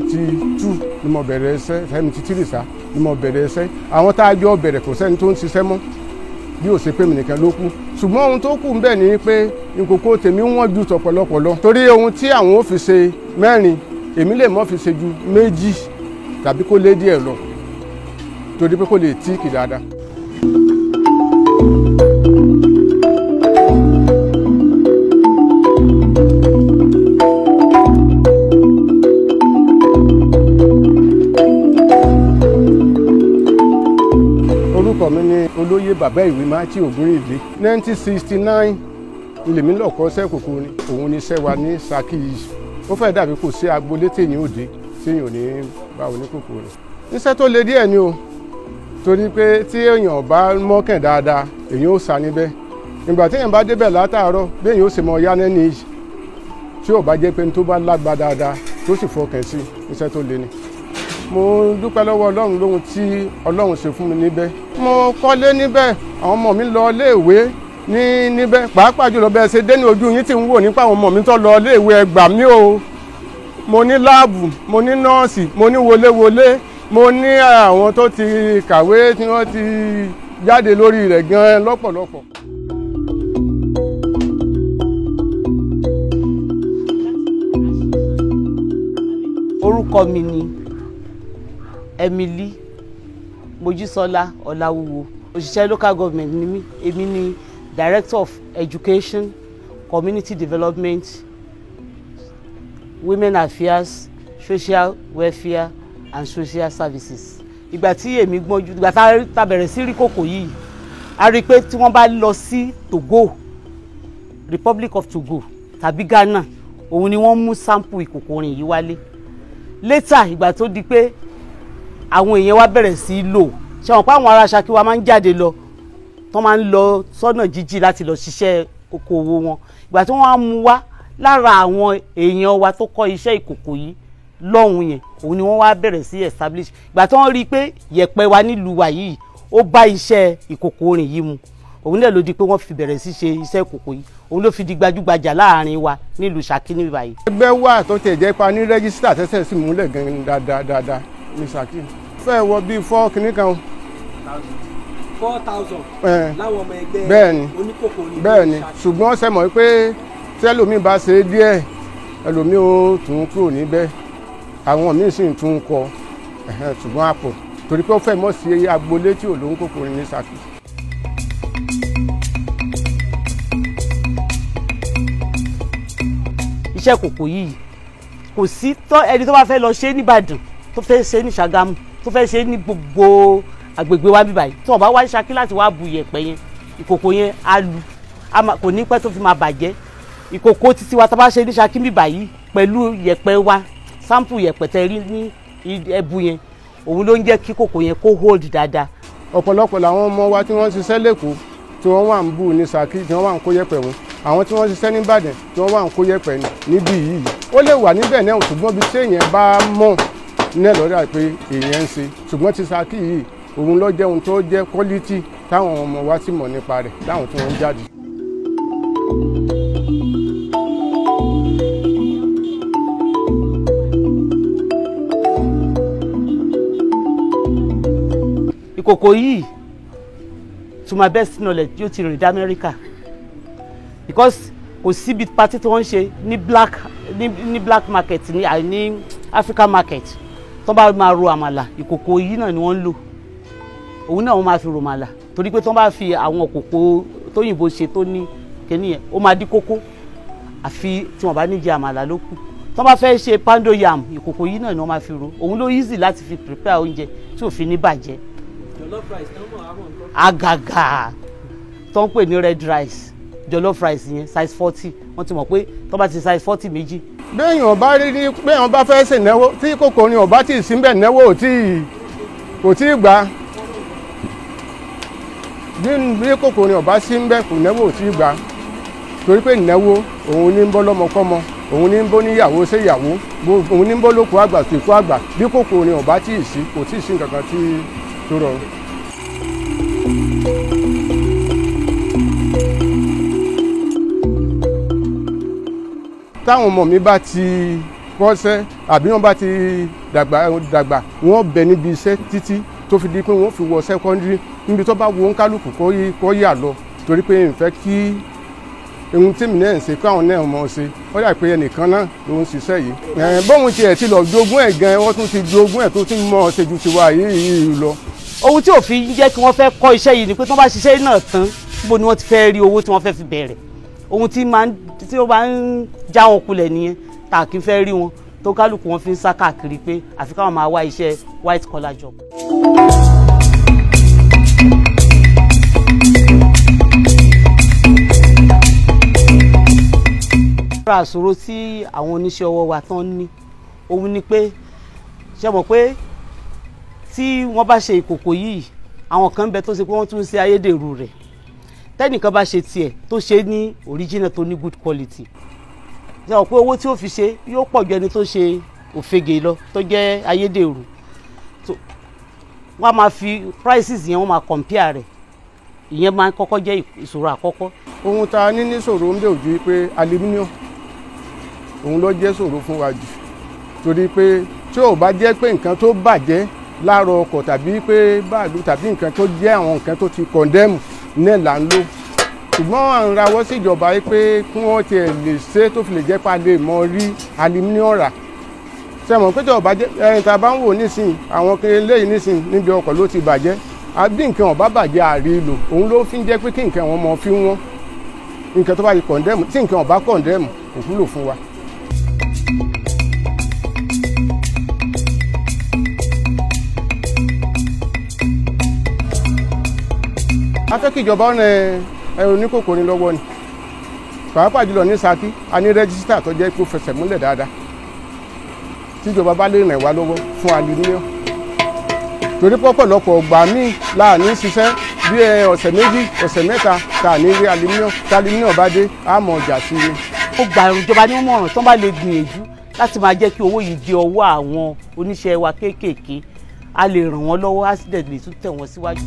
seventy two ni mo bẹ̀rẹ̀ iṣẹ́ seventy three sa ni mo bẹ̀rẹ̀ iṣẹ́ àwọn tá a jọ bẹ̀rẹ̀ kò sẹ́ni tó ń ṣiṣẹ́ mọ́ bí ó ṣe pé mi nìkan ló kù ṣùgbọ́n ohun tó kù ń bẹ̀ ni pé ìkòkò tèmi wọ́n ju tọ̀pọ̀lọpọ̀ lọ torí ohun tí àwọn ò fi ṣe mẹ́rin èmi lè mọ́ fi ṣe ju méjì tàbí kó lé díẹ̀ lọ torí pé kò lè tíìkì dáadáa. olóyè bàbá ìwé mátí ògúnrìn ìlé nineteen sixty nine ilèmí lọ́kọ́ sẹ́kòkò ni òun ni sẹ́wà ní Ṣakí yìí ó fẹ́ dàbí kò sí agboolé téèyàn ò dé téèyàn ò ní bá oníkòkò rẹ̀ níṣẹ́ tó le díẹ̀ ni o torí pé tí èèyàn bá mọ́kàn dáadáa èèyàn ò sá níbẹ̀ ìgbà téèyàn bá débẹ̀ látàárọ̀ béèyàn ò sì mọ yá nẹ́ni yìí tí ò bá jẹ́ pé ní tó bá lágbá dáadáa tó sì fọkàn sí iṣẹ́ tó le ni mo dúpẹ́ lọ́wọ́ ọlọ́run lóhun tí ọlọ́run ṣe fún mi níbẹ̀ mo kọ́lé níbẹ̀ àwọn ọmọ mi lọ iléèwé ní níbẹ̀ pàápàá jùlọ bẹ́ẹ̀ ṣe dé ní ojú yín tí ń wò nípa àwọn ọmọ mi tó lọ iléèwé ẹ gbà mí o mo ní láàbù mo ní nọ́ọ̀sì mo ní wọléwọlé mo ní àwọn tó ti kàwé tí wọ́n ti jáde lórí rẹ̀ gan lọ́pọ̀lọpọ̀. orúkọ mi ni Emily Mojísọ́lá Ọláwúwo òṣìṣẹ́ local government ni mí èmi ni director of education community development women affairs social welfare and social services. ìgbà tí èmi gbọ́njú ìgbà tá a bẹ̀rẹ̀ sí rí kòkò yìí a rí i pé tí wọ́n bá lọ sí Togo Republic of Togo tàbí Ghana òun ni wọ́n mú sample ìkòkò orin yìí wálé later ìgbà tó di pé àwọn èèyàn wa bẹ̀rẹ̀ sí í lò ṣe wọn pa àwọn ará Ṣakí wa máa ń jáde lọ tó máa ń lọ sọ́nà jíjì láti lọ ṣiṣẹ́ okòwò wọn ìgbà tí wọ́n á mú wá lára àwọn èèyàn wa tó kọ́ iṣẹ́ ìkòkò yìí lọ́hùn yẹn òun ni wọ́n wá bẹ̀rẹ̀ sí establish ìgbà tí wọ́n rí i pé yẹ̀pẹ̀ wa nílùú wa yìí ó bá iṣẹ́ ìkòkò orin yìí mu òun náà ló di pé wọ́n fi bẹ̀rẹ̀ sí ṣe iṣẹ́ ìkòkò yìí òun ló fi di gbajúgbajà láàrin wa nílùú Ṣakí níbàyìí. ẹgbẹ́ wà tó tẹ̀ jẹ́ pa ní rẹ́gísítà tẹ́sẹ̀ sì múlẹ̀ gan-an dáadáa dáadáa Mr. Akeem fẹ́ wọ bíi four kìíní kan. four thousand. láwọn ọmọ ẹgbẹ́ bẹ́ẹ̀ni bẹ́ẹ̀ni ṣùgbọ́n ṣe mọ̀ pé tẹ́lòmíì bá ṣe é díẹ̀ ẹlòmíì ó tún kúrò níbẹ̀ àwọn míì sì ń tún kọ ṣùgbọ́n àpò torí pé ó fẹ́ mọ̀ sí agboolé tí ò lóhun kòkòrò ní Ṣakí. iṣẹ́ kòkò yìí kò sí ẹni tó bá fẹ́ lọ ṣe é nìbàdàn tó fẹ́ ṣe ní Ṣàgámù tó fẹ́ ṣe ní gbogbo agbègbè wa bíbáyìí tí wọ́n bá wá Ṣakí láti wá bu iyẹ̀pẹ̀ yẹn ìkòkò yẹn á lu kò ní pẹ́ tó fi máa bàjẹ́ ìkòkò títí wa tá a bá ṣe ní Ṣakí bíbáyìí pẹ̀lú iyẹ̀pẹ̀ wa sample iyẹ̀pẹ̀ tẹ rí ní ẹbu yẹn òun ló ń jẹ́ kí kòkò yẹn kó hold dáadáa. ọ̀pọ̀lọpọ̀ làwọn ọmọ wa tí wọ́n ṣiṣẹ́ lẹ́kọ̀ọ́ tí wọ́n wà ń bù ní Ṣakí tí wọ́n wà ń kó yẹ̀pẹ̀ wọn àwọn tí wọ́n ṣiṣẹ́ ní Ìbàdàn tí wọ́n wà ń kó yẹ̀pẹ̀ níbí yìí ó lè wà níbẹ̀ náà ṣùgbọ́n bí téèyàn bá mọ̀ ní ẹ̀lọ́dà èèyàn ń ṣe ṣùgbọ́n ti Ṣakí yìí òun ló jẹ́ ohun tó jẹ́ quality táwọn ọmọ wa ti mọ̀ nípa rẹ̀ láwọn tí wọ́n ń jáde. ìkòkò yìí to my best knowledge yóò ti rìn dé Amẹ́ríkà because kò síbi pati tí wọ́n ń ṣe ní black ní black market ní African market tó bá máa ro àmàlà ìkòkò yìí náà ni wọ́n ń lò òun náà wọ́n máa fi ro àmàlà torí pé tó bá fi àwọn kòkò tóyìnbó ṣe tó ní kíní yẹn ó máa dí kókó àfi tí wọ́n bá ní jẹ àmàlà ló kù bá fẹ́ ṣe pando yam ìkòkò yìí náà ni wọ́n máa fi ro òun ló easy láti fi prepare oúnjẹ tí ò fi ní bàjẹ́ àgàgà tó pè ní red rice jollof rice yẹn size forty wọ́n ti mọ̀ pé tó bá ti size forty méjì. béèyàn bá rí rí béèyàn bá fẹ́ ṣe náwó tí kòkòrò yẹn ò bá tí ì síbẹ̀ náwó ò tí ì kò tí ì gbà bí kòkòrò yẹn ò bá síbẹ̀ kò náwó ò tí ì gbà torí pé náwó òun ní ń bọ́ lọ́mọkọ́mọ òun ní ń bó níyàwó séyàwó òun ní ń bó lóko àgbà tó ikú àgbà bí kòkòrò yẹn ò tí ì sí kò tí ì sí nǹkan kan tí tó rọrùn. táwọn ọmọ mi bá ti kọ́ṣẹ́ àbí wọ́n bá ti dàgbà dàgbà wọ́n bẹ̀ níbi iṣẹ́ títí tó fi di pé wọ́n fi wọ sẹ́kọ́ndírì níbi tó bá wo ń kálukú kó yà lọ torí pé n fẹ́ kí ohun tèmi náà ń ṣe káwọn náà mọ̀ ọ́ ṣe ó dà pé ẹnìkan náà ló ń ṣiṣẹ́ yìí. bóun tiẹ̀ ti lọ jogún ẹ̀ gan wọ́n tún ti jogún ẹ̀ tó ti mọ̀ ọ́ ṣe ju tiwa yìí lọ. ohun tí òfin jẹ́ kí wọ́n fẹ́ kọ́ iṣẹ́ yìí ni pé tí wọ́n bá ṣiṣẹ́ náà tán níbo ni wọ́n ti fẹ́ rí owó tí wọ́n fẹ́ fi bẹ̀rẹ̀ ohun tí máa ń tí ó máa ń já wọn kulẹ̀ nìyẹn tá a kì í fẹ́ rí wọn tó kálukú wọn fi ń sá káàkiri pé àfi káwọn máa wá iṣẹ́ white collar job. lára àṣòro tí àwọn oníṣẹ́ ọwọ́ wa tán ní òun ni pé ṣe mọ̀ pé tí wọ́n bá ṣe ìkòkò yìí àwọn kan ń bẹ tó ṣe pé wọ́n tún ṣe ayédèrú rẹ̀ tẹ́nìkan bá ṣe tiẹ̀ tó ṣe ní original tó ní good quality ṣe ọ̀ pé owó tí ó fi ṣe yóò pọ̀ ju ẹni tó ṣe òfegè lọ tó jẹ́ ayédèrú wọ́n á máa fi prices yẹn wọ́n máa compare rẹ̀ ìyẹn máa ń kọ́kọ́ jẹ́ ìṣòro àkọ́kọ́. ohun tá a ní níṣòro ń bẹ̀ ojú pé aluminium òun ló jẹ́ ṣòro fún wa jù torí pé tí ò bá jẹ́ pé nǹkan tó bàjẹ́ láàárọ̀ ọkọ̀ tàbí pé báàlú tàbí nǹkan tó jẹ́ àwọn nǹkan tó ti kọ̀ndẹ́mù náà là ń lò ṣùgbọ́n à ń rawọ́ sí ìjọba yìí pé kí wọ́n ti lè ṣe tó fi lè jẹ́ pa lè mọ rí aluminium rà sẹ́mọ̀ pé ìjọba ẹni tá a bá ń wò nísìn àwọn kiri eléyìí nísìn níbi ọkọ̀ ló ti bàjẹ́ àbí nǹkan ọ̀bá bàjẹ́ àrí lò òun ló fi ń jẹ́ pé kí nǹkan wọn mọ fí wọn nǹkan tó bá yẹ kọ̀ndẹ́mù tí nǹkan ọ̀bá kọ̀ndẹ́mù òkú lò fún wa. fẹ́ kí ìjọba ọ̀nà ẹ̀rọ oníkòkò ní lọ́wọ́ ni pàápàá jùlọ ní Ṣakí a ní rẹ́gísítà tó jẹ́ kó fẹsẹ̀ múlẹ̀ dáadáa tíjọba bá lè ràn wá lọ́wọ́ fún aluminium torí pọ̀pọ̀lọpọ̀ ọgbà míì la ní ṣiṣẹ́ bí ọ̀sẹ̀ méjì ọ̀sẹ̀ mẹ́ta ta ní rí aluminium tá aluminium bá dé á mọ̀ ọjà sí i. ó gba ìjọba ní mọ̀ràn tó bá lè gbìyànjú láti máa jẹ́ kí owó yìí di ọwọ́ àwọn oníṣẹ́ wa kéékèèké a lè ràn wọ́n lọ́wọ́ á sì dẹ̀ lè tún tẹ̀ wọ́n síwájú.